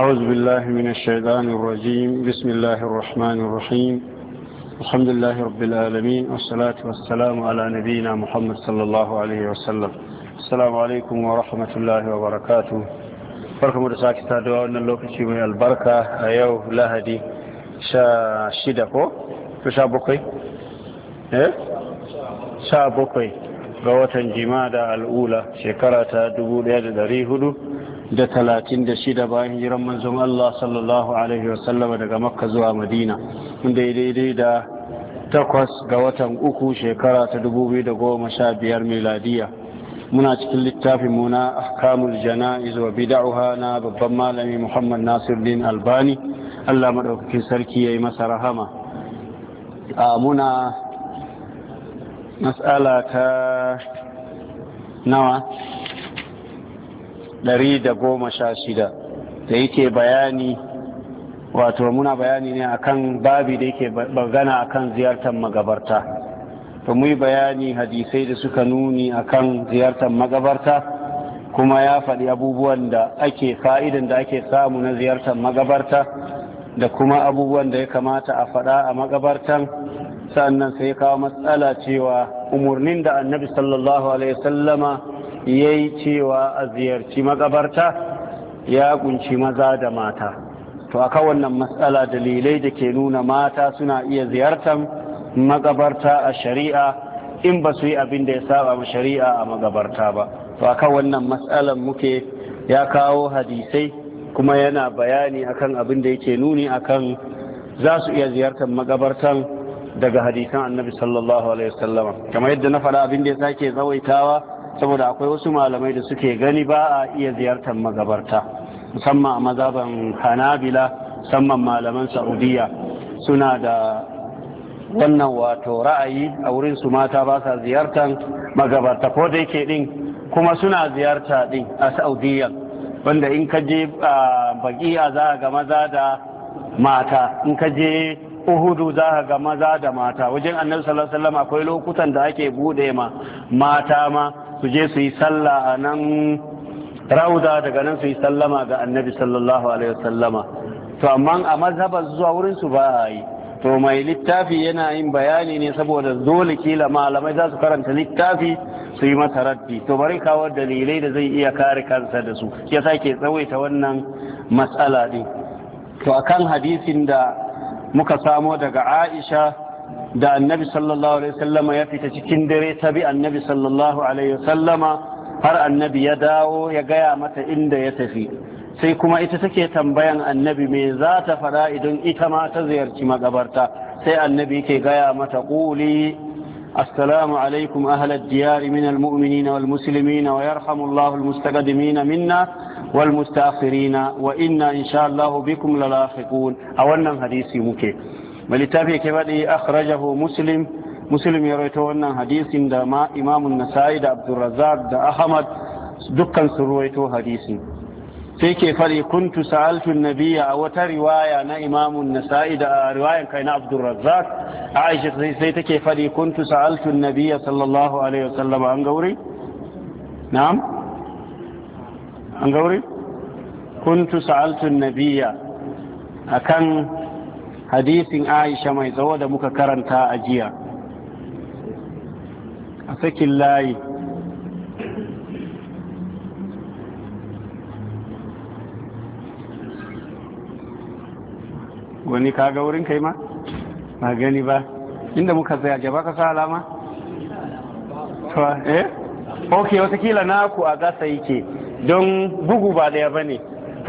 أعوذ بالله من الشيطان الرجيم بسم الله الرحمن الرحيم الحمد لله رب العالمين والصلاة والسلام على نبينا محمد صلى الله عليه وسلم السلام عليكم ورحمة الله وبركاته barkamu da sake saduwa wannan lokaci mai albarka a yau lahadi sha shida ko? sha bakwai? eh? sha bakwai ga watan jima da al'ula shekara ta 1400 da talatin da shida bayan hijiran manzon Allah sallallahu Alaihi wasallama daga makka zuwa madina inda ya daidai da takwas ga watan uku shekara ta dubu biyu da goma sha biyar miladiya muna cikin littafin mu na ahkamul jana wa bid'aha na babban malami Muhammad nasir din Albani Allah maɗaukakin sarki ya yi masa rahama a muna mas'ala ta nawa ɗari da goma sha shida da yake bayani wato muna bayani ne akan babi da yake bagana akan ziyartar magabarta to mu bayani hadisai da suka nuni akan ziyartar magabarta kuma ya faɗi abubuwan da ake fa'idan da ake samu na ziyartar magabarta da kuma abubuwan da ya kamata a faɗa a magabartan sannan sai kawo matsala cewa umarnin da annabi sallallahu alaihi wasallama ya yi cewa a ziyarci makabarta ya kunci maza da mata to aka wannan matsala dalilai da ke nuna mata suna iya ziyartar makabarta a shari'a in ba su yi abin da ya saba ma shari'a a magabarta ba to aka wannan matsalan muke ya kawo hadisai kuma yana bayani akan abin da yake nuni akan za su iya ziyartar magabartan daga hadisan annabi sallallahu alaihi wasallama kamar yadda na faɗa abin da ya sake zawaitawa saboda akwai wasu malamai da suke gani ba a iya ziyartar magabarta musamman a mazaban hanabila musamman malaman saudiya suna da wannan wato ra'ayi a wurin su mata ba sa ziyartar magabarta ko da yake din kuma suna ziyarta din a saudiya wanda in ka je baki'a za ga maza da mata in ka je uhudu za ga maza da mata wajen annabi sallallahu akwai lokutan da ake bude ma mata ma su je su yi sallah a nan rauda daga nan su yi sallama ga annabi sallallahu alaihi wasallama to amma a mazhabar zuwa wurin su ba a yi to mai littafi yana yin bayani ne saboda dole kila malamai za su karanta littafi su yi masa raddi to bari kawo dalilai da zai iya kare kansa da su ya sake tsawaita wannan matsala din to akan hadisin da muka samo daga Aisha da annabi sallallahu alaihi wasallama ya fita cikin dare ta bi annabi sallallahu alaihi wasallama har annabi ya dawo ya gaya mata inda ya tafi sai kuma ita take tambayan annabi me zata ta faɗa idan ita ma ta ziyarci magabarta sai annabi ke gaya mata ƙuli asalamu alaikum ahlal diyari min almu'minin wal muslimin wa yarhamullahu almustaqdimin minna wal mustaakhirin wa inna insha Allah bikum lalafiqun a wannan hadisi muke ملتافي كبدي أخرجه مسلم مسلم يرويته يرويتونا حديث دا ما إمام النسائي دا عبد الرزاق دا أحمد دكا سرويتو حديث سيكي فلي كنت سألت النبي أوتا رواية نا إمام النسائي دا رواية كاين عبد الرزاق عائشة سيتكي فلي كنت سألت النبي صلى الله عليه وسلم أنقوري نعم أنقوري كنت سألت النبي أكن hadisin aisha mai tsawo da muka karanta a jiya a sakin layi wani kaga wurin kai ma ba gani ba inda muka tsaya gaba ka sa alama eh ok watakila naku a gasa yake don bugu ba daya ba ne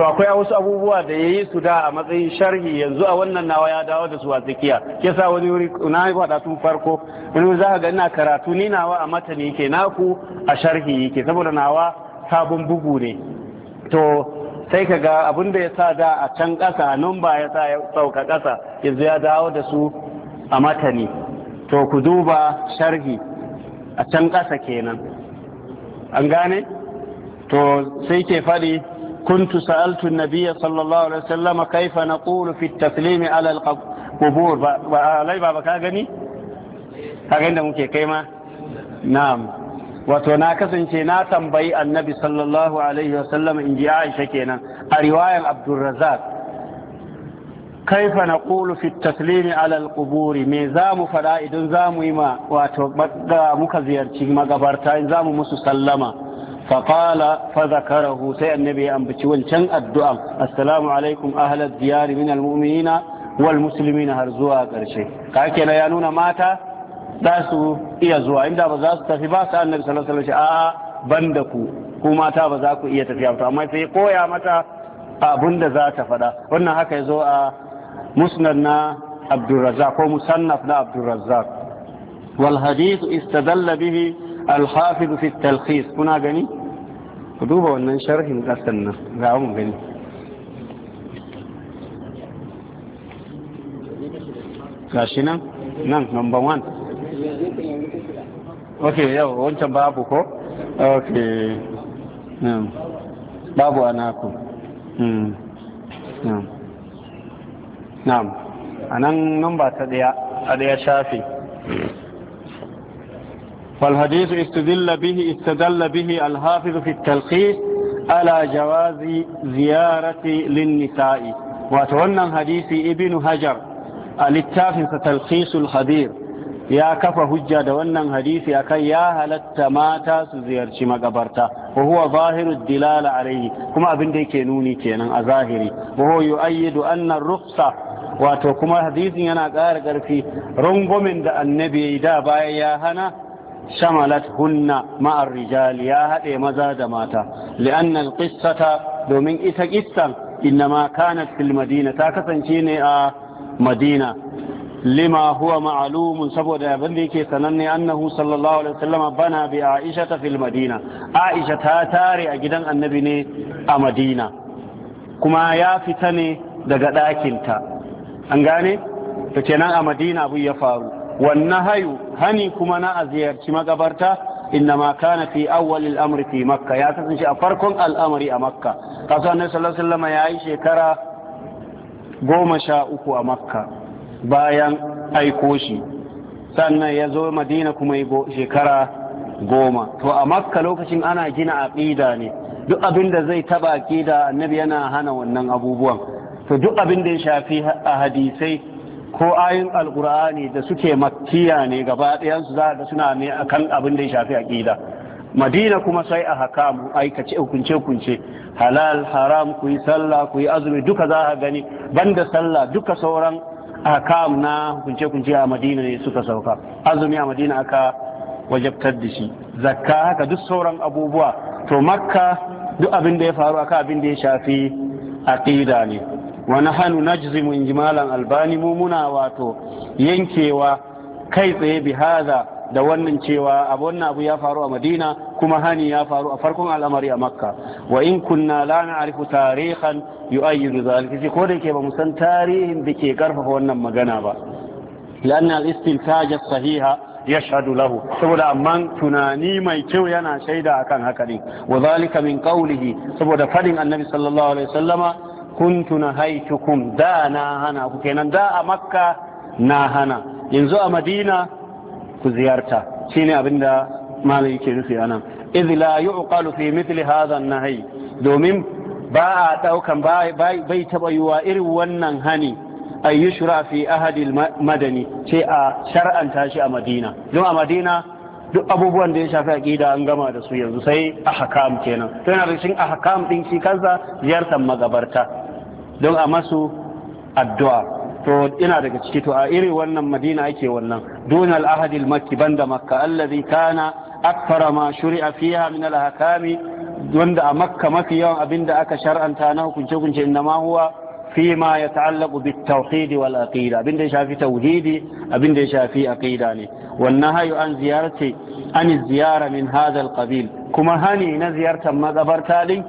to akwai wasu abubuwa da ya yi su da a matsayin sharhi yanzu a wannan nawa ya dawo da su a tsakiya ke sa wani wuri na yi tun farko wani wuri za ka ga ina karatu ni nawa a matani ke naku a sharhi yake saboda nawa sabon bugu ne to sai ka ga abin da ya sa da a can ƙasa a nan ya sa ya sauka ƙasa yanzu ya dawo da su a matani to ku duba sharhi a can ƙasa kenan an gane to sai ke faɗi كنت سألت النبي صلى الله عليه وسلم كيف نقول في التسليم على القبور وعلي بابا كاغني كاغني دا مكي كيما نعم wato na kasance na tambayi annabi sallallahu alaihi wasallam in ji aisha kenan a riwayan abdulrazak kaifa na kulu fi alal kuburi me za mu faɗa idan za mu yi ma wato muka ziyarci magabarta in za mu musu sallama فقال فذكره سي النبي أن بتولتن الدعاء السلام عليكم أهل الديار من المؤمنين والمسلمين هرزوا قرشي كاكينا يانونا ماتا داسو إيا زوا عند بزاس تفباس النبي صلى الله عليه وسلم آآ بندكو كما تا بزاكو إيا تفيابتا أما في قويا متى abunda za ta faɗa wannan haka ya zo a musnad na abdulrazzaq ko musannaf na abdulrazzaq wal hadith istadalla bihi al hafiz fi talkhis kuna gani ku duba wannan sharhin kasan nan ga mu gani gashi nan nan number one ok yau wancan babu ko ok babu anaku hmm, na'am a nan number ta daya a daya shafi والحديث استدل به استدل به الحافظ في التلخيص على جواز زيارة للنساء وتولى حديث ابن هجر الاتاف تلخيص الخبير ya kafa hujja da wannan hadisi akan ya halatta mata su ziyarci magabarta wa huwa zahiru dilala alayhi kuma abinda da yake nuni kenan a zahiri wa huwa yu'ayyidu anna rufsa wato kuma hadisin yana ƙara ƙarfi rungumin da annabi ya da baya ya hana shamalat hunna ma'ar rijal ya haɗe maza da mata li'annal qissata domin ita qissan innama kanat fil madina ta kasance ne a madina lima huwa saboda abin da yake sananne annahu sallallahu alaihi bana bi aisha fil madina aisha ta tare a gidan annabi ne a madina kuma ya fita ne daga ɗakinta an gane ta kenan a madina abu ya faru wannan hayu hani kuma na a ziyarci magabarta innama kana fi awwal al-amri fi makka ya kasance a farkon al'amari a makka kasu annabi sallallahu alaihi wasallam yayi shekara goma sha uku a makka bayan aiko shi sannan ya zo madina kuma yi shekara goma to a makka lokacin ana gina aqida ne duk abin da zai taba aqida annabi yana hana wannan abubuwan to duk abin da ya shafi a hadisai ko ayin alkur'ani da suke makkiya ne gaba ɗayansu za ga suna ne akan abin da ya shafi aƙida madina kuma sai a hakamu aikace hukunce hukunce halal haram ku yi sallah ku yi azumi duka za a gani banda sallah duka sauran hakam na hukunce hukunce a madina ne suka sauka azumi a madina aka wajabtar da shi zakka haka duk sauran abubuwa to makka duk abin da ya faru aka abin da ya shafi aqida ne wa nahanu najzimu inji malam albani mu muna wato yankewa kai tsaye bi haza da wannan cewa abu wannan abu ya faru a madina kuma hani ya faru a farkon al'amari a makka wa in kunna la na'rifu tarihan yu'ayyidu zalika ko da yake ba mu san tarihin da ke karfafa wannan magana ba لأن الاستنتاج الصحيح يشهد له سبدا من تناني مي كيو ينا شيدا أكان هكذا وذلك من قوله سبدا فدن النبي صلى الله عليه وسلم kuntu haitukum da na hana ku kenan da a makka na hana yanzu a madina ku ziyarta shine abinda malai yake nufi anan idh la yuqalu fi mithli hadha an-nahy domin ba a daukan bai taba yiwa irin wannan hani ay yushra fi ahadi madani ce a shar'anta shi a madina don a madina duk abubuwan da ya shafi aqida an gama da su yanzu sai ahkam kenan to yana da shin ahkam din shi kansa ziyartar magabarta don a masu addu'a to ina daga ciki to a irin wannan madina ake wannan dunal al-ahadi al-makki banda makka allazi kana akthara ma shuri'a fiha min al wanda a makka mafi yawan abinda aka shar'anta na hukunce hukunce inna ma huwa fi ma yata'allaqu bit tauhid wal aqida abin da ya shafi tauhidi abin ya shafi aqida ne wannan hayu an ziyarce an ziyara min hadha al-qabil kuma hani na ziyartar magabarta din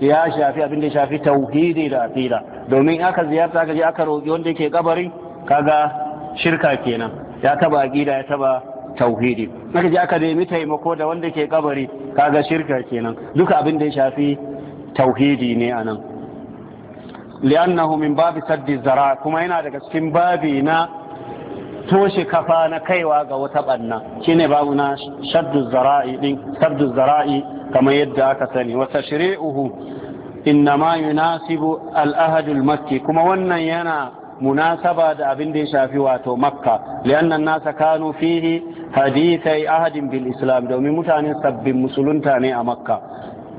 ya shafi abin ya shafi tauhidi da aqida domin aka ziyarta ka je aka roƙi wanda yake kabari kaga shirka kenan ya taba aqida ya taba tauhidi aka je aka nemi taimako da wanda yake kabari kaga shirka kenan duka abin da ya shafi tauhidi ne anan li'annahu min babi saddi zara kuma yana daga cikin babi na toshe kafa na kaiwa ga wata banna shine babu na shaddu zara'i din shaddu zara'i kamar yadda aka sani wa tashri'uhu Inna yunasibu al-ahadul makki kuma wannan yana munasaba da abin da ya shafi wato makka li'annan nasa kanu fihi hadithai ahadin bil'islam domin mutane sabbin musulunta ne a makka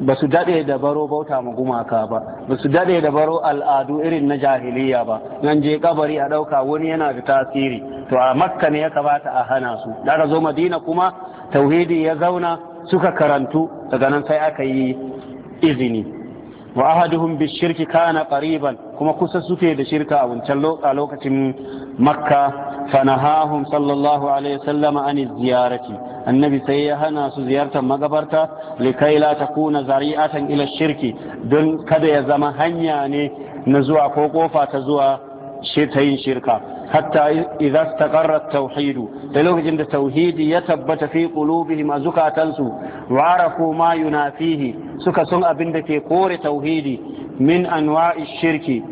ba su daɗe da baro bauta ma gumaka ba ba su daɗe da baro al'adu irin na jahiliya ba nan je kabari a ɗauka wani yana da tasiri to a makka ne ya kamata a hana su daga zo madina kuma tauhidi ya zauna suka karantu daga nan sai aka yi izini wa Bishirki, kana qariban kuma kusa suke da shirka a wancan lokacin makka fanahahum sallallahu alaihi wasallam an ziyarati annabi sai ya hana su ziyartar magabarta likai ta kuna zari'atan ila shirki don kada ya zama hanya ne na zuwa ko kofa ta zuwa ta yin shirka hatta idza istaqarra da lokacin da tauhidi ya tabbata fi qulubihim azukatansu wa arafu ma yunafihi suka sun abin da ke kore tauhidi min anwa'i shirki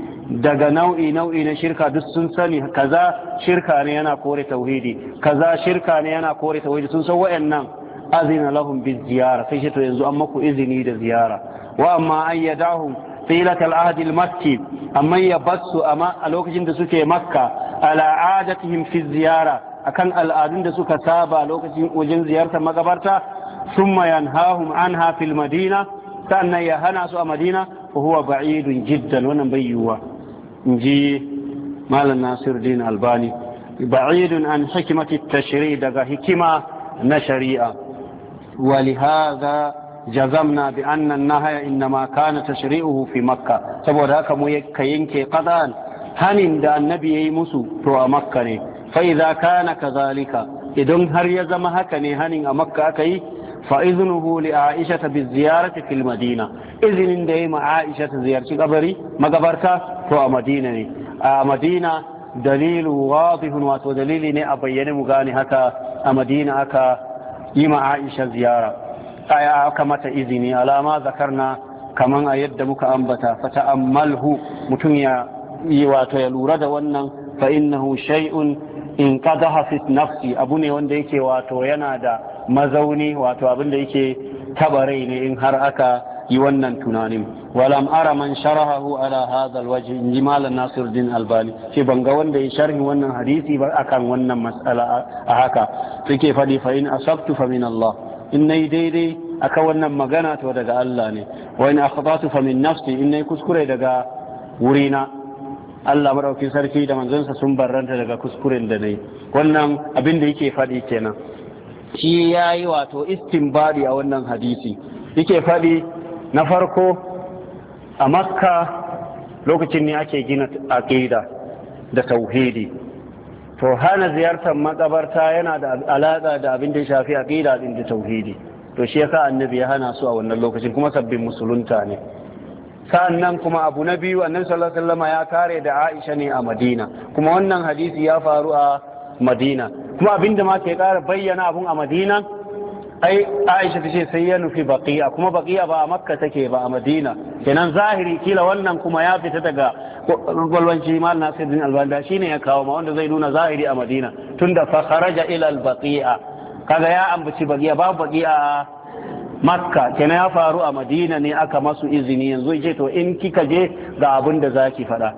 daga nau'i nau'i na shirka duk sun sani kaza shirka ne yana kore tauhidi kaza shirka ne yana kore tauhidi sun san wayannan azina lahum bi ziyara sai shi to yanzu an maku izini da ziyara wa amma ayyadahum filatal ahadil makki amma ya basu a lokacin da suke makka ala adatihim fi ziyara akan al'adun da suka saba lokacin wajen ziyartar magabarta thumma yanhahum anha fil madina sannan ya hana su a madina fa huwa ba'idun jiddan wannan bai yiwuwa inji malam nasiruddin albani ba'idun an hikimati tashri daga hikima na shari'a ولهذا na bi annan nahaya innama kana tashri'uhu fi makka saboda haka mu ka yanke qada'an hanin da annabi yi musu to a makka ne fa idza kana kazalika idan har ya zama haka ne hanin a makka aka yi fa iznuhu li aisha bi ziyarati fil madina izinin da yayi ma aisha ta ziyarci kabari magabarta to a madina ne a madina dalilu wadihun wato dalili ne a bayyane mu gane haka a madina aka yi ma aisha ziyara aka mata izini alama zakarna kaman a yadda muka ambata fata ammalhu mutum ya yi wato ya lura da wannan fa innahu shay'un in qadaha fi nafsi abu ne wanda yake wato yana da mazauni wato abin da yake taba rai ne in har aka yi wannan tunanin walam ara man sharahahu ala hadha alwajh in ji malam nasiruddin albani ce ban ga wanda ya sharhi wannan hadisi ba akan wannan mas'ala a haka suke fadi fa in asabtu fa min Allah in nayi daidai aka wannan magana to daga Allah ne wa in akhtatu fa min nafsi in nayi kuskure daga wurina Allah madaukin sarki da manzonsa sun barranta daga kuskuren da nayi wannan abin da yake faɗi kenan shi yayi wato istinbari a wannan hadisi yake faɗi na farko a makka lokacin ne ake gina aqida da tauhidi to hana ziyartar makabarta yana da alaƙa da abin da ya shafi aqida din da tauhidi to shi yasa annabi ya hana su a wannan lokacin kuma sabbin musulunta ne Sa'an nan kuma abu na biyu annabi sallallahu alaihi ya kare da Aisha ne a Madina kuma wannan hadisi ya faru a Madina kuma abinda ma ke kara bayyana abun a Madina ai aisha ta ce sai ya nufi baqiya kuma baqiya ba a makka take ba a madina kenan zahiri kila wannan kuma ya fita daga walwanci mal nasiruddin albanda shine ya kawo ma wanda zai nuna zahiri a madina tunda fa kharaja ila baqiya kaga ya ambaci baqiya babu baqiya makka kenan ya faru a madina ne aka masu izini yanzu ce to in kika je ga abin da zaki faɗa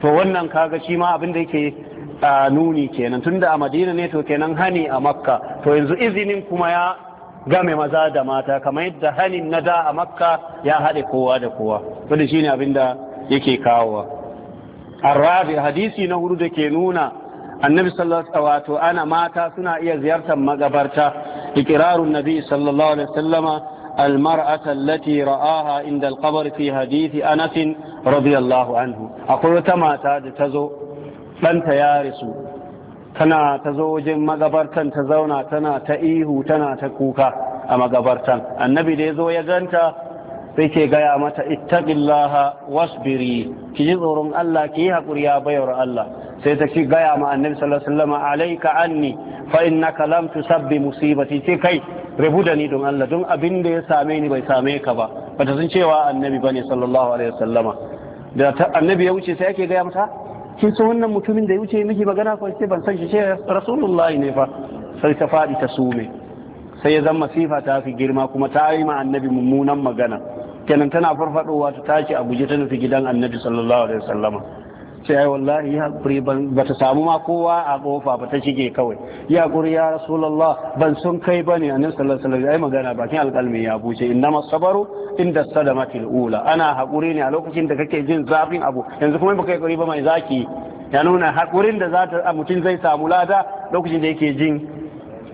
to wannan kaga shi ma abin da yake a nuni kenan tunda a madina ne to kenan hani a makka to yanzu izinin kuma ya game maza da mata kamar yadda hanin na da a makka ya haɗe kowa da kowa wanda shine abin da yake kawowa arrabi hadisi na hudu da ke nuna annabi sallallahu alaihi wato ana mata suna iya ziyartar magabarta iqrarun nabi sallallahu alaihi wasallama المرأة التي hadisi عند القبر في حديث أنس رضي الله عنه أقول تما تاج تزو ɗanta ya rasu tana ta zo wajen magabartan ta zauna tana ta ihu tana ta kuka a magabartan annabi da ya zo ya ganta sai ke gaya mata ittaqillaha wasbiri ki ji tsoron Allah ki yi hakuri ya bayar Allah sai ta ci gaya ma annabi sallallahu alaihi wasallam alayka anni fa innaka lam tusabbi musibati ce kai rabu da ni don Allah don abin da ya same ni bai same ka ba bata sun cewa annabi bane sallallahu alaihi wasallama da annabi ya wuce sai ake gaya mata kin san wannan mutumin da ya wuce miki magana ko sai ban san shi sai rasulullahi ne fa sai ta fadi ta sume sai ya zama sifa ta fi girma kuma ta yi ma annabi mummunan magana kenan tana farfadowa ta tashi a guje ta nufi gidan annabi sallallahu alaihi wasallama sai ai wallahi ya hakuri ba ta samu ma kowa a kofa ba ta shige kawai ya kuri ya rasulullah ban sun kai bane annabi sallallahu alaihi wasallam ai magana bakin alƙalmi ya buce inna sabaru inda sadamatil ula ana hakuri ne a lokacin da kake jin zafin abu yanzu kuma baka yi hakuri ba mai zaki ya nuna hakurin da zata mutum zai samu lada lokacin da yake jin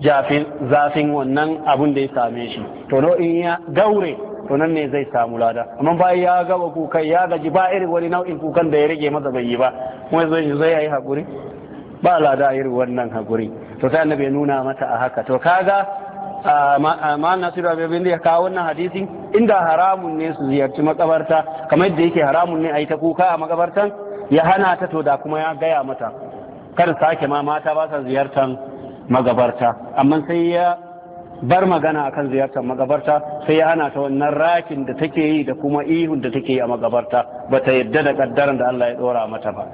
jafin zafin wannan abun da ya same shi to in ya gaure to nan ne zai samu lada amma bayan ya gaba kukan ya gaji ba irin wani nau'in kukan da ya rage masa bai yi ba kuma zai zai yi hakuri ba lada irin wannan hakuri to sai annabi ya nuna mata a haka to kaga amma nasiru abin da ya kawo wannan hadisi inda haramun ne su ziyarci makabarta kamar yadda yake haramun ne a yi ta kuka a makabartan ya hana ta to da kuma ya gaya mata kar sake ma mata ba sa ziyartan magabarta amma sai ya bar magana akan ziyartar magabarta sai ya hana ta wannan rakin da take yi da kuma ihun da take yi a magabarta ba ta yadda da kaddaran da Allah ya dora mata ba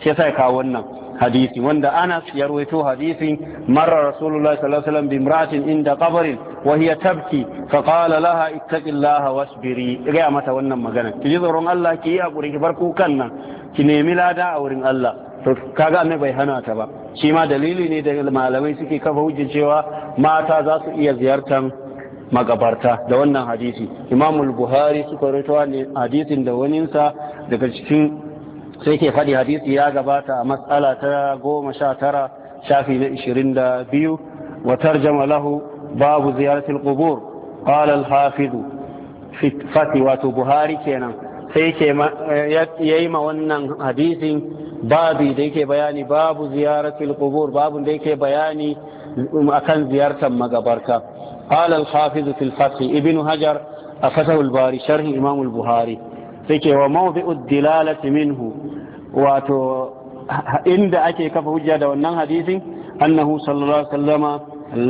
sai sai kawo wannan hadisi wanda ana ya ruwaito hadisi marra Rasulullah sallallahu alaihi wasallam bi inda qabrin wa hiya tabki fa qala laha ittaqillaha wasbiri ga mata wannan magana ki ji tsoron Allah ki yi hakuri ki bar kukan nan ki nemi lada a wurin Allah to kaga annabi bai hana ta ba shi ma dalili ne da malamai suke kafa hujjar cewa mata za su iya ziyartar magabarta da wannan hadisi imamul buhari suka rawaito ne hadisin da waninsa daga cikin sai ke faɗi hadisi ya gabata a matsala ta goma sha tara shafi na ishirin da biyu wa tarjama babu ziyartar qubur qala al-hafiz fati wato buhari kenan sai ke yayi ma wannan hadisi babu da yake bayani babu ziyaratul qubur babu da yake bayani akan ziyartar magabarka qala al hafiz fil fath hajar a al bari sharh imam al buhari sai ke wa mawdi'u dilalati minhu wato to inda ake kafa hujja da wannan hadisin annahu sallallahu alaihi wa sallama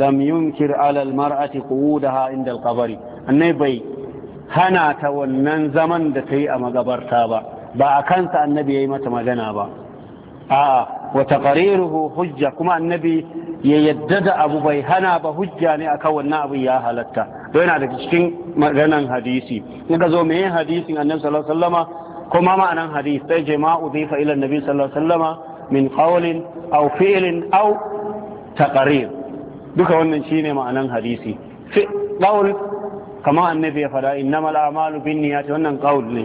lam yunkir ala al mar'ati qudaha inda al qabri annabi hana ta wannan zaman da ta yi a magabarta ba ba a kansa annabi ya yi mata magana ba a wa hujja kuma annabi ya yadda da abu bai hana ba hujja ne akan wannan abu ya halatta to yana daga cikin maganan hadisi ga zo meye hadisin annabi sallallahu alaihi wasallama kuma ma'anan hadisi sai jama'u bi ila annabi sallallahu alaihi wasallama min qawlin aw fi'lin aw taqrir duka wannan shine ma'anan hadisi qawl kama annabi ya fada innamal a'malu binniyati wannan qaul ne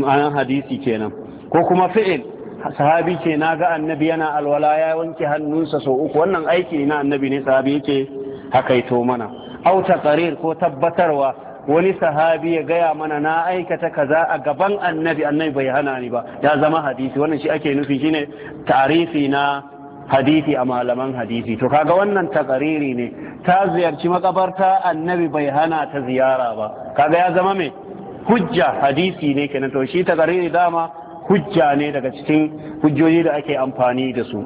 ma'anar hadisi kenan ko kuma fi'il sahabi ce na ga annabi yana alwala ya wanke hannunsa sau uku wannan aiki na annabi ne sahabi yake hakaito mana au taqrir ko tabbatarwa wani sahabi ya gaya mana na aikata kaza a gaban annabi annabi bai hana ni ba ya zama hadisi wannan shi ake nufi shine tarifi na hadisi a malaman hadisi to kaga wannan takariri ne ta ziyarci makabarta annabi bai hana ta ziyara ba kaga ya zama mai hujja hadisi ne kenan to shi takariri dama hujja ne daga cikin hujjoji da ake amfani da su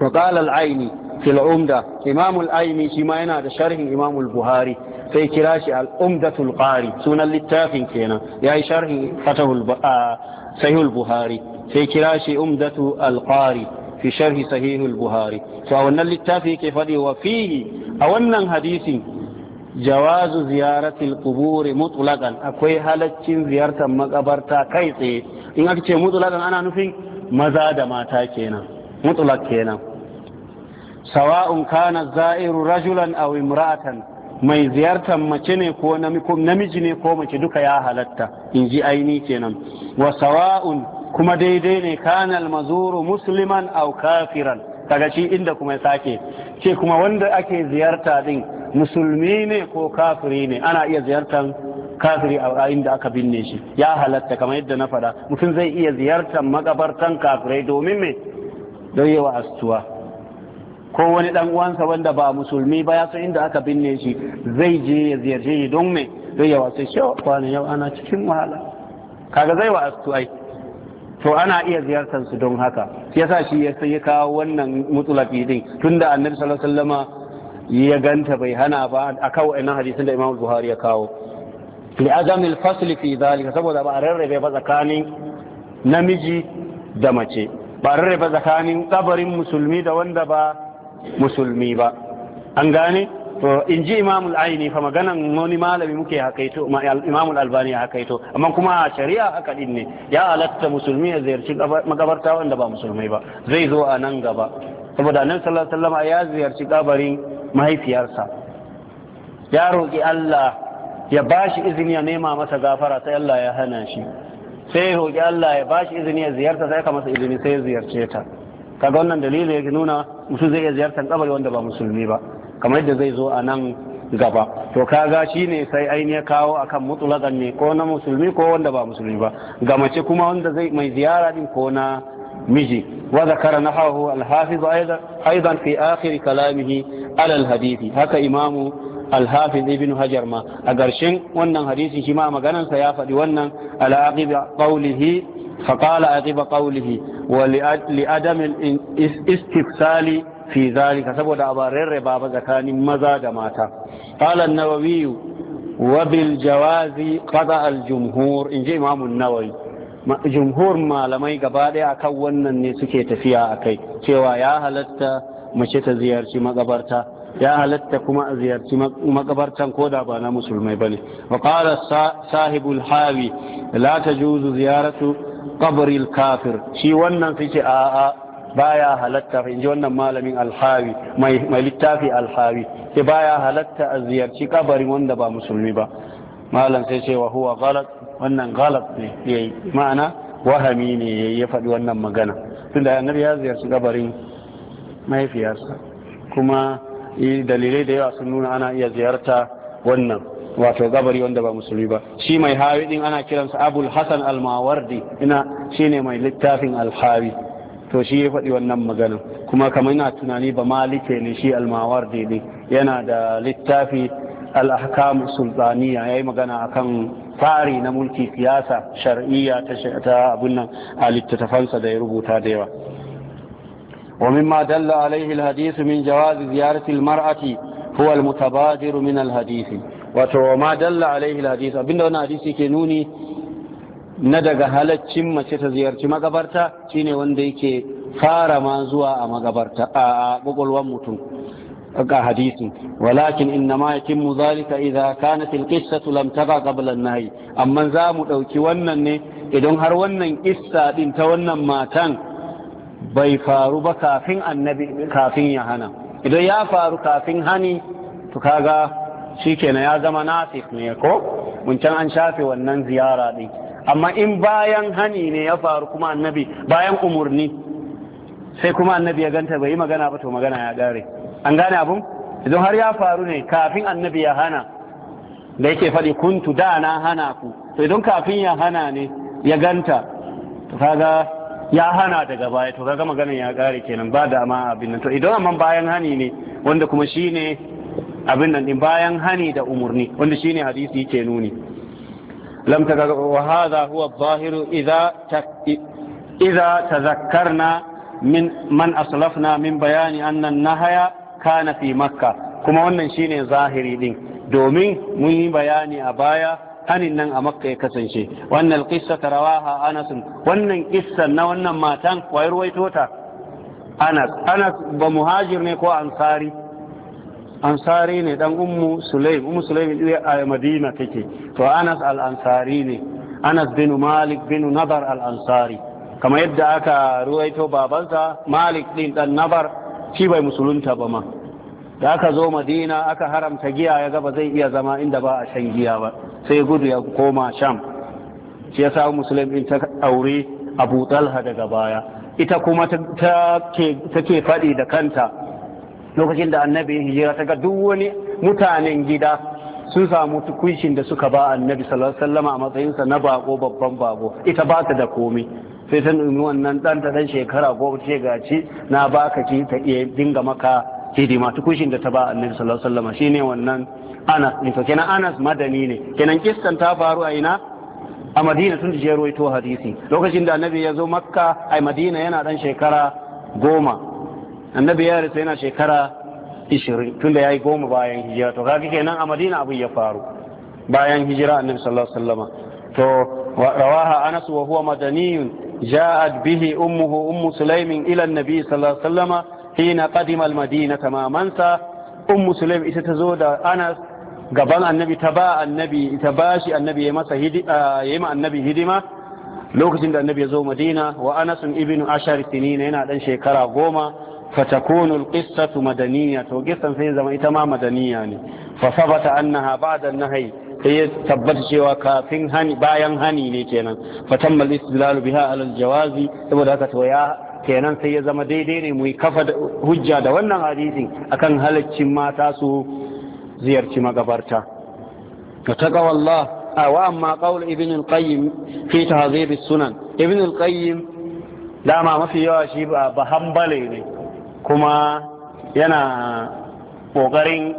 wa qala al-aini fil umda imam al-aini shi ma yana da sharhin imam al-buhari sai kira shi al-umdatul qari sunan littafin kenan yayi sharhin fatahul sahih al-buhari sai kira shi umdatu al-qari fi sharhi sahihul buhari to a wannan littafi yake faɗi wa fihi a wannan hadisin? jawazu ziyaratil quburi mutlaqan akwai halaccin ziyartar makabarta kai tsaye in aka ce mutlaqan ana nufin maza da mata kenan mutlaq kenan sawa'un kana za'iru rajulan aw imra'atan mai ziyartar mace ne ko namiji ne ko mace duka ya halatta in ji aini kenan wa sawa'un kuma daidai ne kanal mazuru musliman au kafiran daga shi inda kuma sake ce kuma wanda ake ziyarta din musulmi ne ko kafiri ne ana iya ziyartar kafiri a inda aka binne shi ya halatta kamar yadda na faɗa mutum zai iya ziyartar makabartan kafirai domin me don yawa astuwa ko wani dan uwansa wanda ba musulmi ba ya san inda aka binne shi zai je ya ziyarce shi don me don yawa sai shi oh, yau ana cikin wahala kaga zai wa astuwa to ana iya ziyartar su don haka yasa shi ya sai kawo wannan mutsulafi din tunda annabi sallallahu alaihi wasallama ya ganta bai hana ba a kawo ina hadisin da Imam Buhari ya kawo li azam al fasl fi zalika saboda ba rarrabe ba tsakanin namiji da mace ba rarrabe tsakanin kabarin musulmi da wanda ba musulmi ba an gane to in ji imamul aini fa maganan wani malami muke hakaito imamul albani hakaito amma kuma a shari'a haka din ne ya alatta musulmi ya ziyarci magabarta wanda ba musulmai ba zai zo a nan gaba saboda nan sallallahu alaihi ya ziyarci kabarin mahaifiyarsa ya roƙi Allah ya bashi izini ya nema masa gafara sai Allah ya hana shi sai ya roƙi Allah ya bashi izini ya ziyarta sai ka masa izini sai ya ziyarce ta kaga wannan dalilin ya nuna mutum zai iya ziyartar kabari wanda ba musulmi ba kamar da zai zo a nan gaba to kaga shi ne sai ainihin kawo akan mutulakan ne ko na musulmi ko wanda ba musulmi ba ga mace kuma wanda zai mai ziyara din ko na miji wa zakara nahahu al-hafiz aidan fi akiri kalamihi alal hadithi haka imamu alhafiz hafiz ibn hajar ma a garshen wannan hadisi shi ma maganansa ya faɗi wannan ala qawlihi fa qala aqiba qawlihi wa li istifsali fi zalika saboda ba rarraba ba tsakanin maza da mata qala an-nawawi wa bil jawazi qada al-jumhur in ji imam nawawi jumhur malamai gaba daya akan wannan ne suke tafiya akai cewa ya halatta mace ta ziyarci magabarta ya halatta kuma a ziyarci ko koda ba na musulmai bane wa qala sahibul hawi la tajuzu ziyaratu qabri kafir shi wannan sai a a'a baya halatta in ji wannan malamin alhawi mai littafi alhawi ke baya halatta a ziyarci kabarin wanda ba musulmi ba malam sai ce wa huwa galat wannan galat ne yayi ma'ana wahami ne ya faɗi wannan magana tunda annabi ya ziyarci kabarin mahaifiyarsa kuma dalilai da yawa sun nuna ana iya ziyarta wannan wato gabari wanda ba musulmi ba shi mai hawi din ana kiransa abul hasan al-mawardi ina shine mai littafin al-hawi to shi ya faɗi wannan magana kuma kamar yana tunani ba malike ne shi almawar ne yana da littafi al sultaniya ya yayi magana akan tsari na mulki siyasa shar'iyya ta abin nan a littattafansa da ya rubuta da yawa ومما دل عليه الحديث من جواز زيارة المرأة هو المتبادر من الحديث وما دل عليه الحديث abinda wannan hadisi ke nuni na daga halaccin mace ta ziyarci magabarta shine wanda yake fara ma zuwa a magabarta a kwakwalwar mutum ga hadisi walakin inna ma yatimmu zalika idza kanat alqissatu lam taba qabla an-nahy amma za mu dauki wannan ne idan har wannan kissa din ta wannan matan bai faru ba kafin annabi kafin ya hana idan ya faru kafin hani to kaga shikenan ya zama Nasif ne ko mun can an shafe wannan ziyara din amma in bayan hani ne ya faru kuma annabi bayan umurni sai kuma annabi ya ganta bai yi magana ba to magana ya gare an gane abun idan har ya faru ne kafin annabi ya hana da yake faɗi kuntu da na hana ku to idan kafin ya hana ne ya ganta to kaga ya hana daga baya to kaga magana ya gare kenan ba da ma abin nan to idan amma bayan hani ne wanda kuma shine abin nan din bayan hani da umurni wanda shine hadisi yake nuni Lamtaka taka wa hadha huwa adh-dhahiru idha idha na min man aslafna min bayani annan na haya kana fi makka kuma wannan shine zahiri din domin mun yi bayani a baya hanin nan a makka ya kasance wannan qissa tarawaha anas wannan qissa na wannan matan wai ruwaito ta anas anas ba muhajir ne ko ansari ansari ne dan ummu sulaim ummu sulaim a madina take to anas al ansari ne anas bin malik bin nadar al ansari kama yadda aka ruwaito babansa malik din dan nabar shi bai musulunta ba ma da aka zo madina aka haramta giya ya gaba zai iya zama inda ba a shan giya ba sai gudu ya koma sham shi yasa ummu sulaim din ta aure abu talha daga baya ita kuma take faɗi da kanta lokacin da annabi ya hijira ta ga duk wani mutanen gida sun samu tukuncin da suka ba annabi sallallahu alaihi wasallam a matsayinsa na bako babban bako ita ba ta da komai sai ta nemi wannan dan ta dan shekara ko ce gaci na baka ki ta iya dinga maka hidima tukuncin da ta ba annabi sallallahu alaihi wasallam shine wannan Anas ne to kenan Anas madani ne kenan kiskan ta faru a ina a Madina tun je ruwaito hadisi lokacin da annabi ya zo Makka ai Madina yana dan shekara goma annabi ya rasu yana shekara 20 tunda yayi goma bayan hijira to kaga kenan a madina abin ya faru bayan hijira annabi sallallahu alaihi wasallam to rawaha anas wa huwa madaniyun ja'at bihi ummuhu ummu sulaimin ila annabi sallallahu alaihi wasallam hina qadima almadina madina tamamansa ummu sulaim ita ta zo da anas gaban annabi ta ba annabi ba bashi annabi ya masa hidima ma annabi hidima lokacin da annabi ya zo madina wa anas ibn ashar sinina yana dan shekara goma فتكون القصة مدنية وقصة في زمان إتما مدنية يعني فثبت أنها بعد النهي هي ثبت شيوا كافين هني باين هني نيتنا فتم الاستدلال بها على الجواز يبقى ذاك ويا kenan sai ya zama daidai ne mu yi kafa hujja da wannan hadisin akan halaccin mata su ziyarci magabarta ta taqawallah wa amma qaul ibn al-qayyim fi tahdhib as-sunan ibn al-qayyim dama mafi yawa shi ba hambale ne kuma yana ƙoƙarin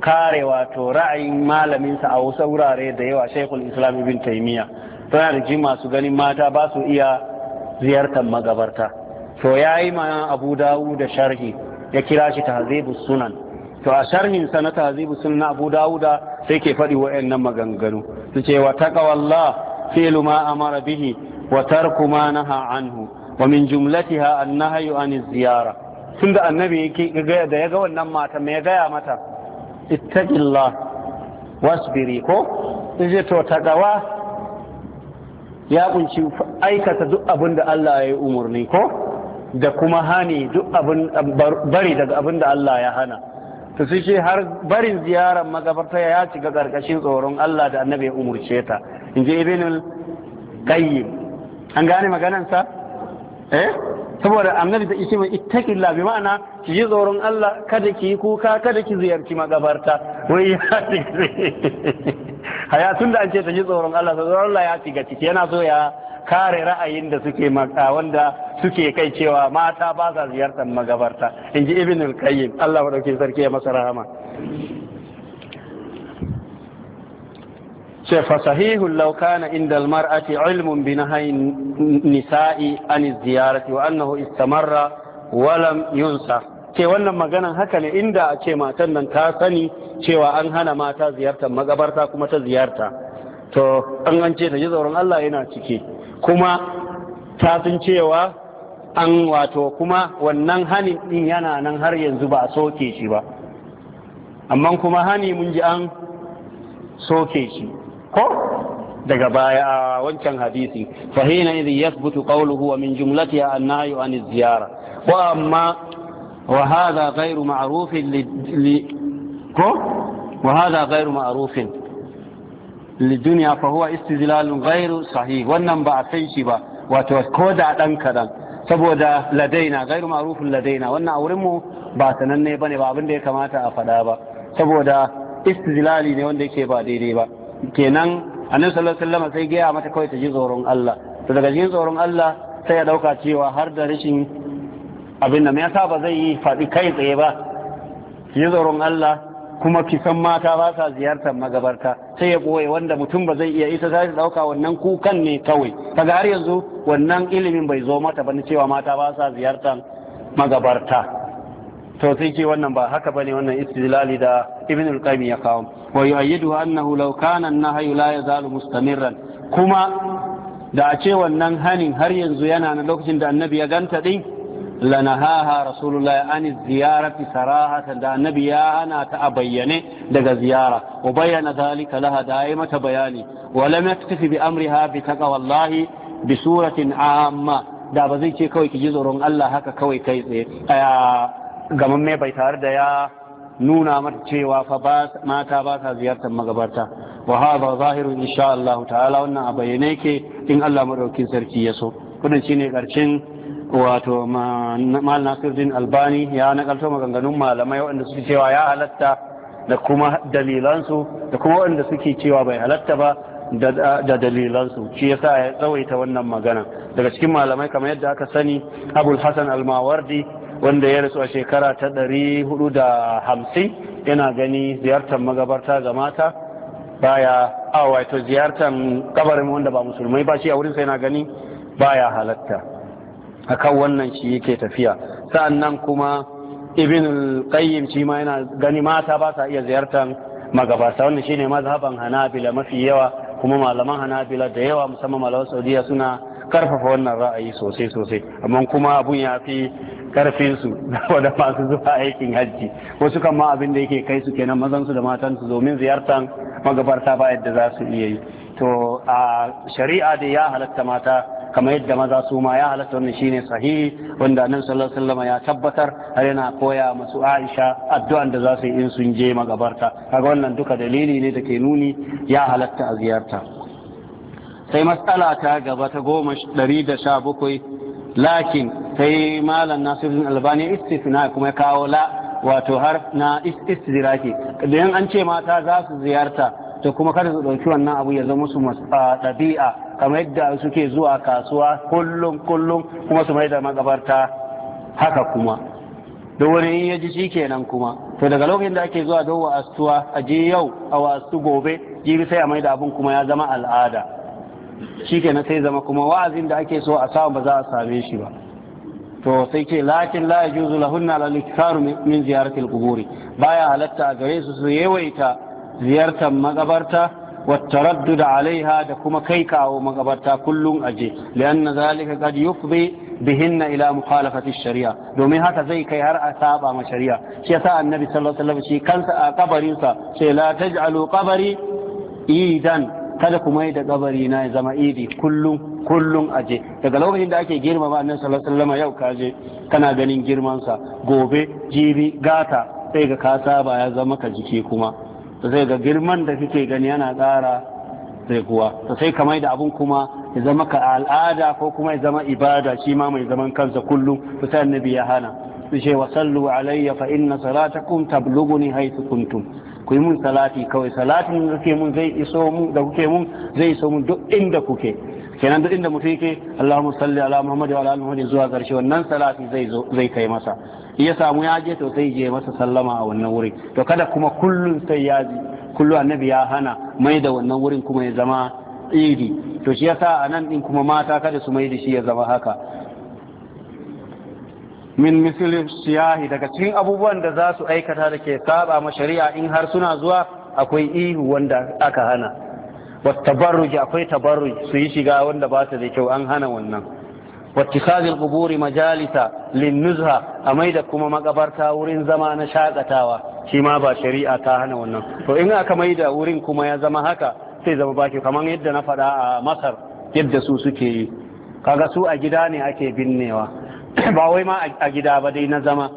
kare wato ra'ayin malaminsa a wasu wurare da yawa shaikul islam ibn taimiyya tana da ji masu ganin mata ba su iya ziyartar magabarta to ya yi ma abu dawu da sharhi ya kira shi tahzibu sunan to a sharhin sa na tahzibu sunan abu da sai ke faɗi wa'annan maganganu su ce wa taqawallah fi'lu ma amara bihi wa tarku ma naha anhu wa min jumlatiha an an ziyara tun da annabi yake gaya da ya ga wannan mata mai gaya mata ittaqillah wasbiri ko ce to tagawa ya kunci aikata duk abin da Allah ya yi umarni ko da kuma hani duk abin bari daga abin da Allah ya hana to sai ce har barin ziyarar magabarta ya shiga karkashin tsoron Allah da annabi ya umurce ta in je ibnul qayyim an gane maganansa eh saboda annabi ta ishe mai ittaqilla bi ma'ana ki ji tsoron Allah kada ki yi kuka kada ki ziyarci magabarta wai ya haya tun da an ce ta ji tsoron Allah ta tsoron Allah ya shiga ciki yana so ya kare ra'ayin da suke maka wanda suke kai cewa mata ba sa ziyartar magabarta in ji ibn al-qayyim Allah dauke sarki ya masa rahama ce fa sahihul law kana inda almar'ati ilmun bi nahyi nisa'i an ziyarati wa annahu istamarra walam yunsa ce wannan maganan haka ne inda a ce matan nan ta sani cewa an hana mata ziyartar magabarta kuma ta ziyarta to an an ce ta ji tsoron Allah yana ciki kuma ta sun cewa an wato kuma wannan hanin din yana nan har yanzu ba a soke shi ba amma kuma hani mun ji an soke shi ko daga baya a wancan hadisi fahina idin ya yathbutu qawluhu wa min jumlatiha an-nahyu a ziyara Ko amma wa hadha gairu ma'arufin li ko wa gairu ma'arufin li duniya fa huwa istidlalun gairu sahih wannan ba a san shi ba wato ko da dan kadan saboda ladaina gairu ma'arufin ladaina wannan a wurin mu ba sananne bane ba abin da ya kamata a faɗa ba saboda istidlali ne wanda yake ba daidai ba kenan annabi sallallahu alaihi wasallam sai gaya mata kawai ta ji tsoron Allah to daga jin tsoron Allah sai ya dauka cewa har da rashin abin da me yasa ba zai yi faɗi kai tsaye ba ki ji tsoron Allah kuma ki san mata ba sa ziyartar magabarta sai ya boye wanda mutum ba zai iya ita za ta dauka wannan kukan ne kawai kaga har yanzu wannan ilimin bai zo mata ba cewa mata ba sa ziyartar magabarta to sai ce wannan ba haka bane wannan istidlali da ibn al-qayyim ya kawo wa yu'ayyidu annahu law kana an-nahyu la yazalu mustamirran kuma da a ce wannan hanin har yanzu yana na lokacin da annabi ya ganta din lanahaha rasulullah an ziyarati sarahatan da annabi ya hana ta a bayyane daga ziyara wa bayyana zalika laha da yi mata bayani wa lam yaktafi bi amriha bi taqwallahi bi suratin amma da ba zai ce kawai ki ji tsoron Allah haka kawai kai tsaye gamamme bai tare da ya nuna mata cewa fa mata ba sa ziyartar magabarta wa hadha zahirun insha Allah ta'ala wannan a bayyane yake in Allah madaukin sarki ya so kudin shine karshen wato mal Nasiruddin Albani ya nakalto maganganun malamai waɗanda suke cewa ya halatta da kuma dalilansu da kuma waɗanda suke cewa bai halatta ba da dalilansu shi yasa ya tsawaita wannan magana daga cikin malamai kamar yadda aka sani Abul Hasan al wanda ya rasu a shekara ta ɗari hudu da hamsin yana gani ziyartar magabarta ga mata baya a wato ziyartar kabarin wanda ba musulmai ba shi a sa yana gani baya halatta akan wannan shi yake tafiya sa'annan kuma ibn al-qayyim shi ma yana gani mata ba sa iya ziyartar magabarta wannan shine mazhaban hanabila mafi yawa kuma malaman hanabila da yawa musamman malaman saudiya suna karfafa wannan ra'ayi sosai sosai amma kuma abun ya fi karfin su da masu zuwa aikin hajji wasu kan ma abin da yake kai su kenan mazan su da matan su domin ziyartar magabarta ba yadda za su iya yi to a shari'a da ya halatta mata kamar yadda maza su ma ya halatta wannan shine sahihi wanda annabi sallallahu alaihi wasallam ya tabbatar har yana koya masu Aisha addu'an da za su yi in sun je magabarta kaga wannan duka dalili ne da ke nuni ya halatta a ziyarta sai matsala ta gaba ta goma ɗari da sha bakwai lakin sai malam nasirin albani istisna kuma ya kawo la wato har na istiraki idan an ce mata za su ziyarta to kuma kada su ɗauki wannan abu ya zama musu ɗabi'a kamar yadda suke zuwa kasuwa kullum kullum kuma su mai da magabarta haka kuma da wani in ya ji shi kenan kuma to daga lokacin da ake zuwa don wa'astuwa a je yau a wa'astu gobe jibi sai a mai da abun kuma ya zama al'ada shi na sai zama kuma wa'azin da ake so a samu ba za a same shi ba to sai ke lakin la yajuzu lahunna la likaru min ziyaratil quburi baya halatta a gare su su yawaita ziyartar magabarta wa da alaiha da kuma kai kawo magabarta kullun aje lian zalika qad bihin na ila mukhalafati shari'a domin haka zai kai har a saba ma shari'a shi yasa annabi sallallahu alaihi shi kansa a kabarinsa sai la alo kabari idan kada ku mai da kabari na ya zama idi kullum kullum aje daga lokacin da ake girmama annabi sallallahu alaihi wasallam yau kaje kana ganin girmansa gobe jibi gata sai ga ka saba ya zama ka jiki kuma sai ga girman da kike gani yana tsara sai kuwa sai ka mai da abun kuma ya zama ka al'ada ko kuma ya zama ibada shi ma mai zaman kansa kullum to sai annabi ya hana sai wa sallu alayya fa inna salatakum tablughuni haythu kuntum ku yi mun salati kawai salatin da kuke mun zai iso mun da kuke mun zai iso mun duk inda kuke kenan duk inda mutum yake Allahumma salli ala Muhammad wa ala ali Muhammad zuwa karshe wannan salati zai zo zai kai masa ya samu ya je to sai je masa sallama a wannan wuri to kada kuma kullun sai ya ji kullu annabi ya hana mai da wannan wurin kuma ya zama idi to shi yasa anan din kuma mata kada su mai da shi ya zama haka min misli siyahi daga cikin abubuwan da za su aikata da ke saba ma shari'a in har suna zuwa akwai ihu wanda aka hana wa tabarruji akwai tabarruji su yi shiga wanda ba ta da kyau an hana wannan wa tisazil quburi majalisa lin nuzha a maida kuma makabarta wurin zama na shakatawa shi ma ba shari'a ta hana wannan to in aka mai da wurin kuma ya zama haka sai zama baki kamar yadda na faɗa a masar yadda su suke yi kaga su a gida ne ake binnewa ba wai ma a gida ba dai na zama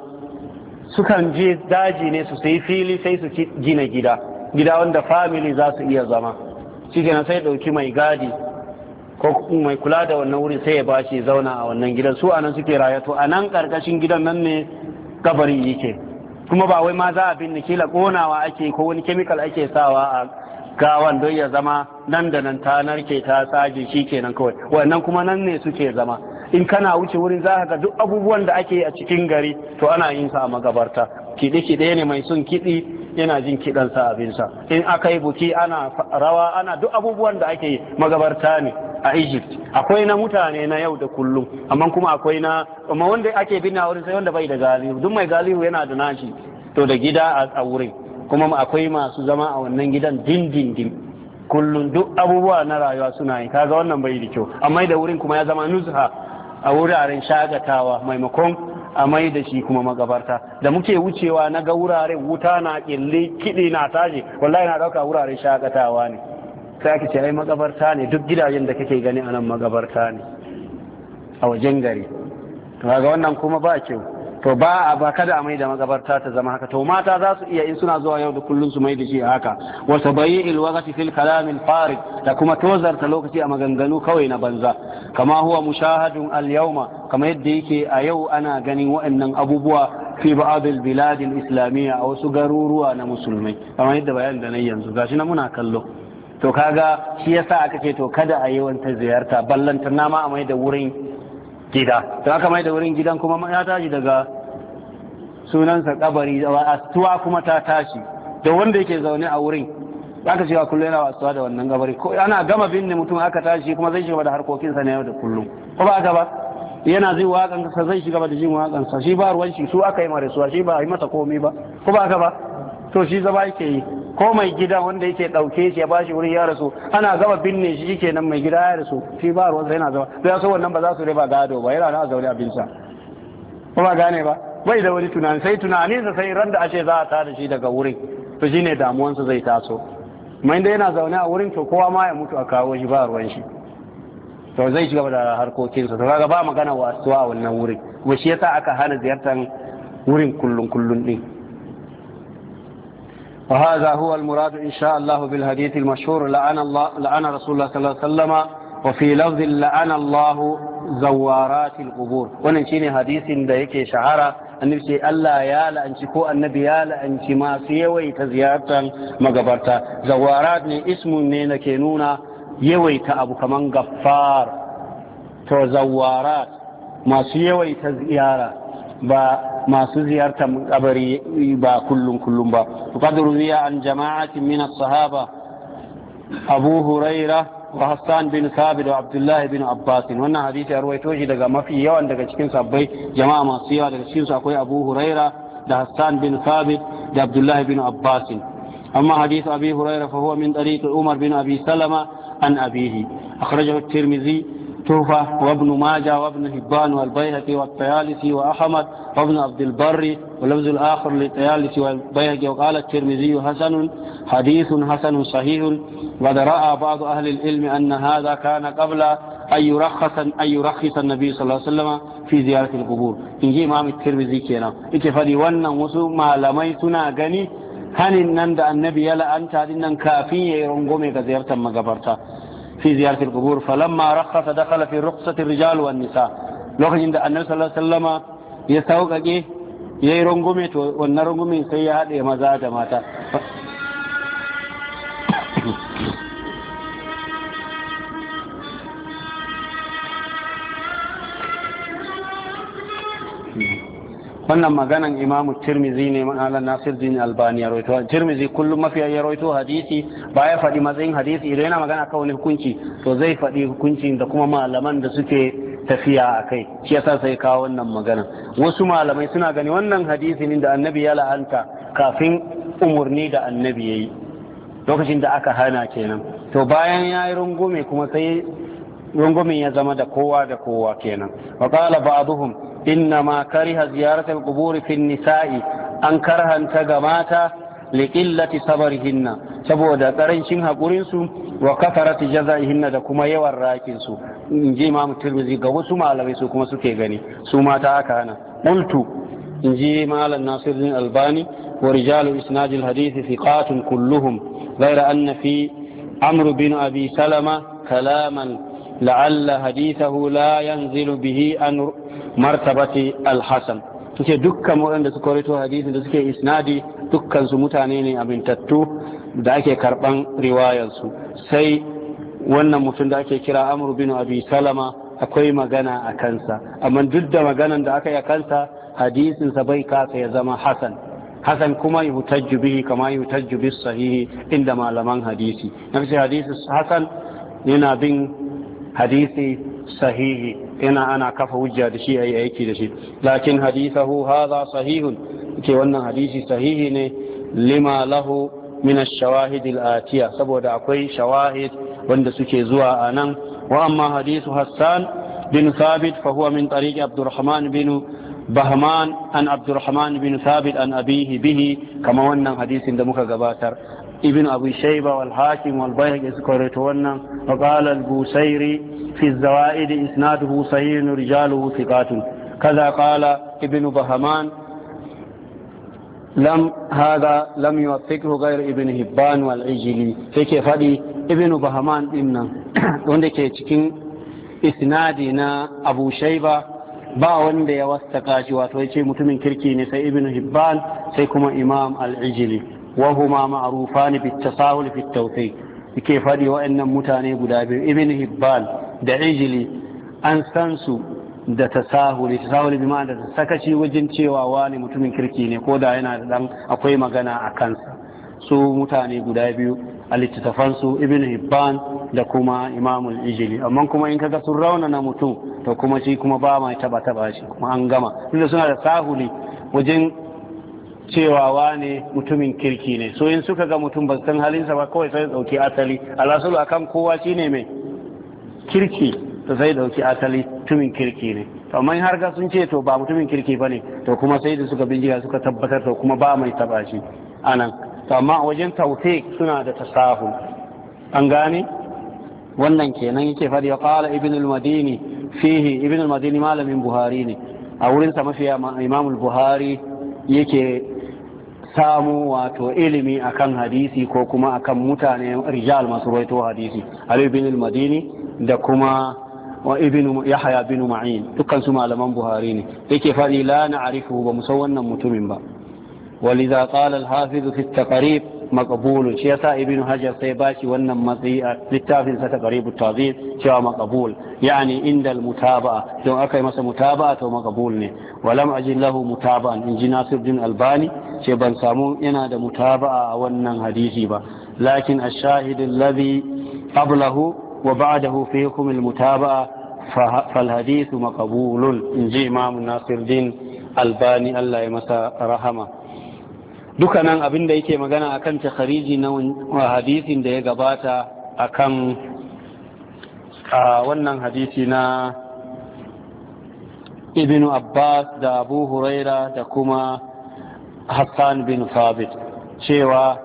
sukan je daji ne su sai fili sai su gina gida gida wanda family za su iya zama shi kenan sai ɗauki mai gadi ko mai kula da wannan wurin sai ya bashi zauna a wannan gidan su anan suke raya to a nan karkashin gidan nan ne kabari yake kuma ba wai ma za a binne kila konawa ake ko wani kemikal ake sawa a gawan don ya zama nan da nan ta narke ta tsage shi kenan kawai wannan kuma nan ne suke zama in kana wuce wurin za ka duk abubuwan da ake a cikin gari to ana yin sa a magabarta kiɗe-kiɗe ne mai sun kiɗi yana jin kiɗan sa abinsa in aka yi buki ana rawa ana duk abubuwan da ake magabarta ne a egypt akwai na mutane na yau da kullum amma kuma akwai na amma wanda ake binne a wurin sai wanda bai da galihu duk mai galihu yana da nashi to da gida a wurin kuma akwai masu zama a wannan gidan dindindin kullum duk abubuwa na rayuwa suna yi kaga wannan bai da kyau amma da wurin kuma ya zama nuzha a wuraren shagatawa maimakon a mai da shi kuma magabarta da muke wucewa na ga wuraren wuta na kille kiɗi na tashi wallahi na ɗauka wuraren shagatawa ne sai ake ce ai magabarta ne duk gidajen da kake gani a nan magabarta ne a wajen gari ga wannan kuma ba kyau to ba a ba kada a mai da magabarta ta zama haka to mata za su iya in suna zuwa yau da kullum su mai da shi haka wa tabayyi waqti fil kalam al farid da kuma tozarta lokaci a maganganu kawai na banza kama huwa mushahadun al yawma kama yadda yake a yau ana ganin waɗannan abubuwa fi ba'd al bilad al islamiyya a wasu garuruwa na musulmai kama yadda bayan da nan yanzu gashi na muna kallo to kaga shi yasa aka ce to kada a yawan ta ziyarta ballantar nama a mai da wurin gida ta aka mai da wurin gidan kuma ya tashi daga sunansa kabari astuwa kuma ta tashi da wanda yake zaune a wurin ka cewa kullum yana wasuwa da wannan gabari ko ana gama binne mutum aka tashi kuma zai shiga da harkokinsa na yau da kullum ko ba aka ba yana zai waƙan sa zai shiga da jin waƙan sa shi ba ruwan shi su aka yi marasuwa shi ba a yi masa komai ba ko ba aka ba to shi zaba yake yi ko mai gida wanda yake ɗauke shi ya bashi wurin ya rasu ana gaba binne shi shi nan mai gida ya rasu shi ba ruwan sai yana zama zai so wannan ba za su riba gado ba yana na zaune abinsa ba gane ba bai da wani tunani sai tunani sa sai ran da ashe za a tada shi daga wurin to shine damuwansa zai taso mai da yana zaune a wurin to kowa ma ya mutu a kawo shi ba ruwan shi to zai shiga da harkokinsa to kaga ba magana wasuwa a wannan wurin kuma shi yasa aka hana ziyartar wurin kullun kullun din وهذا هو المراد إن شاء الله بالحديث المشهور لعن, الله لعن رسول الله صلى الله عليه وسلم وفي لفظ لعن الله زوارات القبور wannan shine hadisin da yake shahara annabi Allah ya la'anci ko annabi ya la'anci masu yawaita ziyartar magabarta zawarat ne ismun ne da ke nuna yawaita abu to zawarat masu yawaita ziyara ba masu ziyartar kabari ba kullum kullum ba faqad ruwiya an jama'ati min sahaba abu hurairah Hassan bin ثابت da Abdullahi bin Abbasin wannan hadisi arwaito shi daga mafi yawan daga cikin sabbai jama'a masu yawa daga cikin su akwai Abu Huraira da Hassan bin Thabit da Abdullah bin Abbas amma hadisi Abi Huraira fa huwa min Umar bin Abi Salama an abihi akhrajahu at-Tirmidhi توفى وابن ماجة وابن هبان والبيهقي والطيالسي وأحمد وابن عبد البر واللفظ الآخر للطيالسي والبيهقي وقال الترمذي حسن حديث حسن صحيح وقد رأى بعض أهل العلم أن هذا كان قبل أن يرخص أن يرخص النبي صلى الله عليه وسلم في زيارة القبور إن جي إمام الترمذي كنا إتفادي ونن وسو ما لميتنا غني هنن نند النبي annabi ya la'anta كافية nan kafin مقبرتا fi ziyartar qubur falamma rakhasa dakhala fi rukhsati rijal wan nisa lokacin da annabi sallallahu alaihi wasallama ya sauƙaƙe yayi rungume to wannan sai ya haɗe maza da mata wannan maganan imamu tirmizi ne malam nasir din albani ya rawaito tirmizi kullum mafiya ya rawaito hadisi ba ya faɗi matsayin hadisi idan yana magana kan wani hukunci to zai faɗi hukunci da kuma malaman da suke tafiya a kai shi yasa sai kawo wannan magana wasu malamai suna gani wannan hadisi ne da annabi ya la'anta kafin umarni da annabi yayi lokacin da aka hana kenan to bayan ya yi rungume kuma sai rungumin ya zama da kowa da kowa kenan wa qala baaduhun إنما كره زيارة القبور في النساء أن كرهن تقماتا لقلة صبرهن سبودا قرنشن هقرنسو وكثرة جزائهن دكما يوار راكنسو إنجي إمام الترمذي قوسو ما لبسو كما سكيغني سوما تاكانا قلت إنجي مال الناصر الألباني ورجال إسناد الحديث ثقات كلهم غير أن في عمرو بن أبي سلمة كلاما la'alla hadithahu hula yanzilu bihi an martabati al-hasan suke dukkan waɗanda suka rito hadisin da suke isnadi dukkan su mutane ne amintattu da ake karban riwayarsu sai wannan mutum da ake kira amr bin abi salama akwai magana a kansa amma duk da maganan da aka yi a kansa hadisinsa bai kasa ya zama hasan hasan kuma yuhtajju bihi kama yuhtajju bis sahihi inda malaman hadisi nafsi hadisi hasan yana bin hadisi sahihi ina ana kafa hujja da shi ayi aiki da shi lakin hadisahu haza sahihun ke wannan hadisi sahihi ne lima lahu min ash-shawahid al-atiya saboda akwai shawahid wanda suke zuwa anan wa amma hadisu Hassan bin Thabit fa huwa min tariqi Abdurrahman bin Bahman an Abdurrahman bin Thabit an abihi bihi kama wannan hadisin da muka gabatar Ibin abu shaiba wal hakim wal bayhaqi suka rawaito wannan wa qala al busairi fi zawaid isnaduhu sahihun rijaluhu kaza qala ibn lam hada lam yuwaffiqhu ghayr ibn hibban wal ijli yake fadi ibn bahaman din nan wanda ke cikin isnadi na abu shaiba ba wanda ya wasta shi wato ya mutumin kirki ne sai ibn hibban sai kuma imam al وهما معروفان بالتساهل في التوثيق yake faɗi wa'annan mutane guda biyu ibn hibbal da ijili an san su da tasahuli tasahuli bi ma'ana da sakaci wajen cewa wani mutumin kirki ne ko da yana da dan akwai magana a kansa su mutane guda biyu a littattafansu ibn hibban da kuma imamul ijili amma kuma in kaga sun raunana mutum to kuma shi kuma ba mai taba taba shi kuma an gama tunda suna da sahuli wajen cewa wane mutumin kirki ne so in suka ga mutum ba san halinsa ba kawai sai dauki asali alasulu akan kowa shine mai kirki to sai dauki asali mutumin kirki ne to amma har ga sun ce to ba mutumin kirki ne, to kuma sai da suka bincika suka tabbatar to kuma ba mai taba shi anan to amma wajen taute suna da tasahu an gane wannan kenan yake fadi ya qala ibn al-madini fihi ibn al-madini malamin buhari ne a wurin wurinsa mafiya imam buhari yake samu wato ilimi akan hadisi ko kuma akan mutane rijal masu rawaito hadisi Ali bin al-Madini da kuma wa ibn Yahya bin Ma'in dukkan su malaman Buhari ne yake fadi la na'rifu ba mu san wannan mutumin ba ولذا قال الحافظ في التقريب makabulu shi yasa ibn hajar sai bashi wannan matsayi a littafin sa ta qaribu tawzid cewa maqbul yani inda al mutaba don akai masa mutaba'a to maqbul ne walam ajin lahu mutaban in ji nasiruddin albani ce ban samu yana da mutaba'a a wannan hadisi ba lakin ash-shahid alladhi qablahu wa ba'dahu fi hukm al mutaba fal hadith maqbul in ji imam nasiruddin albani Allah ya masa rahama Duka nan abin da yake magana a kan takhariji na hadisin da ya gabata a kan wannan hadisi na ibn abbas da abu huraira da kuma hassan bin sabit cewa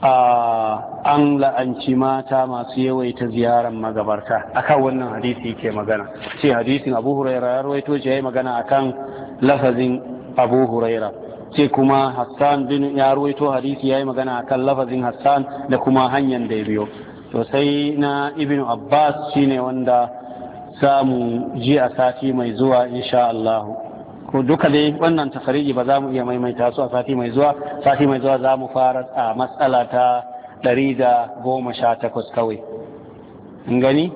an la'anci mata masu yawaita ziyarar magabarta akan wannan hadisi ke magana ce hadisin abu huraira ya rawaito ce ya yi magana akan lafazin abu huraira ce kuma Hassan bin ya ruwaito hadisi ya yi magana a kan lafazin Hassan da kuma hanyar da ya biyo to sai na Ibn Abbas shine wanda samu ji a sati mai zuwa insha Allah ko duka dai wannan tafariki ba za mu iya maimaita su a sati mai zuwa sati mai zuwa za mu fara a matsala ta ɗari da goma sha takwas kawai gani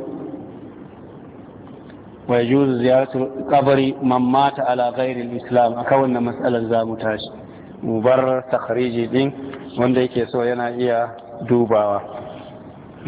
wa yajuzu ziyartar qabri mamata ala ghairi al-islam akan wannan matsalar za mu tashi mu bar takhriji din wanda yake so yana iya dubawa